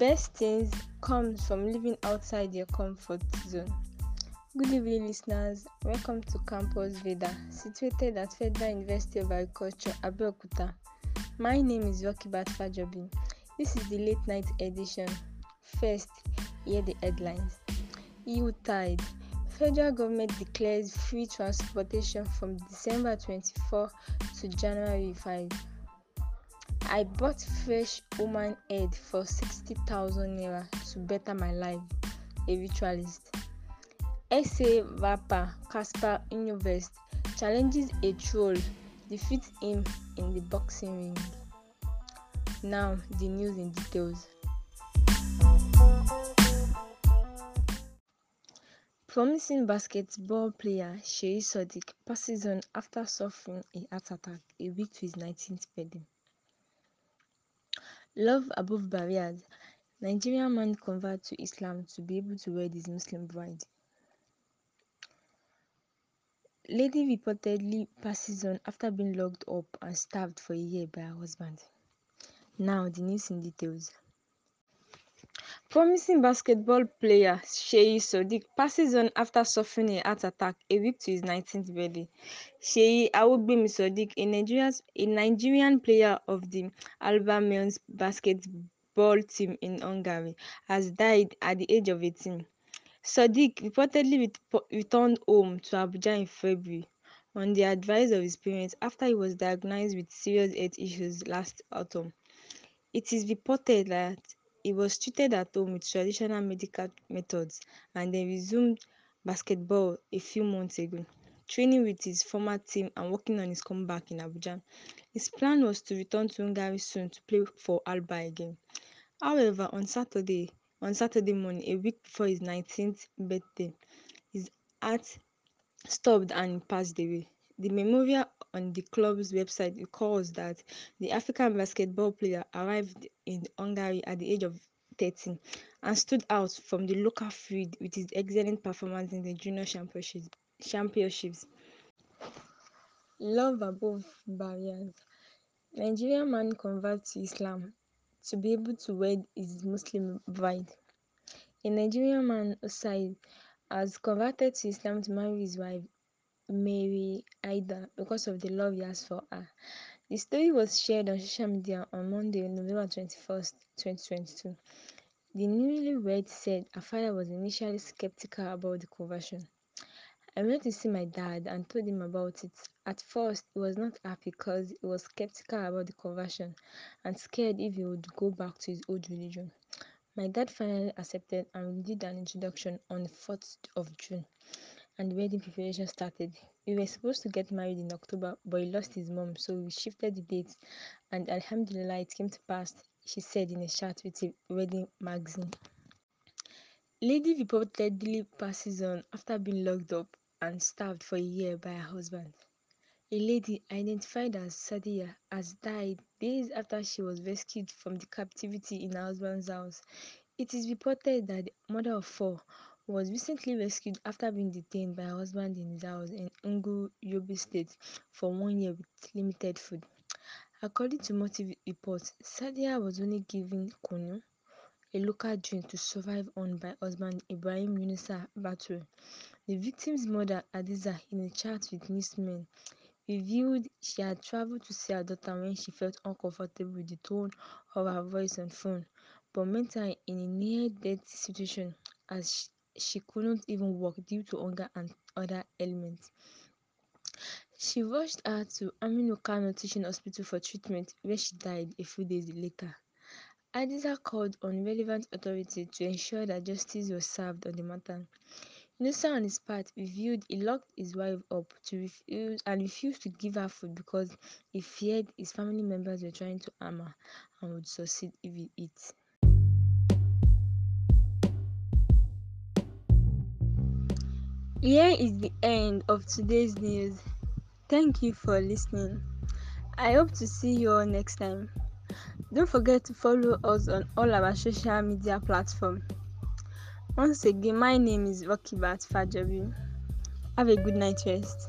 best things comes from living outside your comfort zone. Good evening, listeners. Welcome to Campus Veda, situated at Federal University of Agriculture, Abeokuta. My name is Rocky Batfajobin. This is the late night edition. First, hear the headlines. EU tide. Federal government declares free transportation from December 24 to January 5. I bought fresh woman head for 60,000 naira to better my life, a ritualist. SA rapper Kaspar Univest challenges a troll, defeats him in the boxing ring. Now, the news in details. Promising basketball player Shei Sadiq passes on after suffering a heart attack a week to his 19th birthday. Love above barriers Nigerian man converts to Islam to be able to wed his Muslim bride. Lady reportedly passes on after being locked up and starved for a year by her husband. Now, the news in details. Promising basketball player Sheyi Sodiq passes on after suffering a heart attack a week to his 19th birthday. Sheyi Awogbemi Sodiq, a Nigerian, a Nigerian player of the Alba men's basketball team in Hungary, has died at the age of 18. Sodiq reportedly ret- returned home to Abuja in February on the advice of his parents after he was diagnosed with serious health issues last autumn. It is reported that he was treated at home with traditional medical methods and then resumed basketball a few months ago, training with his former team and working on his comeback in Abuja. His plan was to return to Hungary soon to play for Alba again. However, on Saturday, on Saturday morning, a week before his 19th birthday, his heart stopped and passed away. The memorial on the club's website recalls that the African basketball player arrived in Hungary at the age of 13 and stood out from the local field with his excellent performance in the junior championships. Love above barriers. Nigerian man converts to Islam to be able to wed his Muslim bride. A Nigerian man, Osaid, has converted to Islam to marry his wife Mary Ida because of the love he has for her. The story was shared on social media on Monday, November 21st, 2022. The newlywed said her father was initially skeptical about the conversion. I went to see my dad and told him about it. At first, he was not happy because he was skeptical about the conversion and scared if he would go back to his old religion. My dad finally accepted and we did an introduction on the 4th of June and wedding preparation started. We were supposed to get married in October, but he lost his mom, so we shifted the date. And Alhamdulillah, it came to pass, she said in a chat with a wedding magazine. Lady reportedly passes on after being locked up and starved for a year by her husband. A lady identified as Sadia has died days after she was rescued from the captivity in her husband's house. It is reported that the mother of four was recently rescued after being detained by her husband in his house in Nguru, Yobe State for one year with limited food. According to motive reports, Sadia was only given Konyo, a local drink to survive on by husband Ibrahim Yunusa Batu. The victim's mother, Adiza, in a chat with newsmen, revealed she had traveled to see her daughter when she felt uncomfortable with the tone of her voice on phone, but met in a near-death situation as she couldn't even walk due to hunger and other ailments. She rushed her to Aminu Kano Teaching Hospital for treatment, where she died a few days later. Adisa called on relevant authorities to ensure that justice was served on the matter. Nusa, on his part, revealed he locked his wife up to refuse and refused to give her food because he feared his family members were trying to harm her and would succeed if he ate. Here is the end of today's news. Thank you for listening. I hope to see you all next time. Don't forget to follow us on all our social media platforms. Once again, my name is Rocky Bat Fajabi. Have a good night rest.